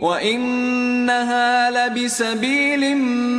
وَإِنَّهَا لَبِسَبِيلٍ